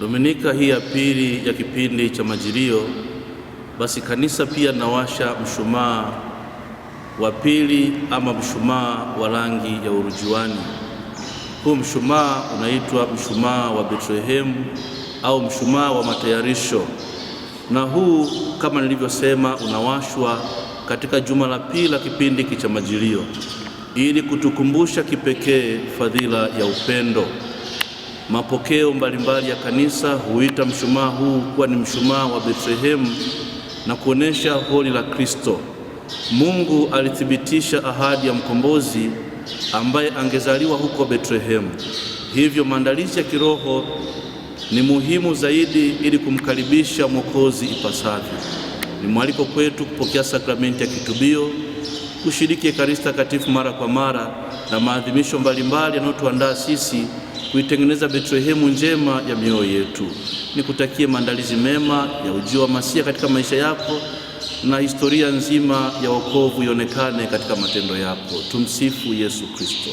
Dominika hii ya pili ya kipindi cha Majilio, basi kanisa pia nawasha mshumaa wa pili ama mshumaa wa rangi ya urujuani. Huu mshumaa unaitwa mshumaa wa Betlehemu au mshumaa wa matayarisho, na huu kama nilivyosema, unawashwa katika juma la pili la kipindi cha Majilio ili kutukumbusha kipekee fadhila ya upendo. Mapokeo mbalimbali ya kanisa huita mshumaa huu kuwa ni mshumaa wa Bethlehemu na kuonesha holi la Kristo. Mungu alithibitisha ahadi ya mkombozi ambaye angezaliwa huko Bethlehemu. Hivyo maandalizi ya kiroho ni muhimu zaidi ili kumkaribisha Mwokozi ipasavyo. Ni mwaliko kwetu kupokea sakramenti ya kitubio, kushiriki Ekaristi takatifu mara kwa mara na maadhimisho mbalimbali yanayotuandaa sisi kuitengeneza Betlehemu njema ya mioyo yetu. Nikutakie maandalizi mema ya ujio wa Masia katika maisha yako na historia nzima ya wokovu ionekane katika matendo yako. Tumsifu Yesu Kristo.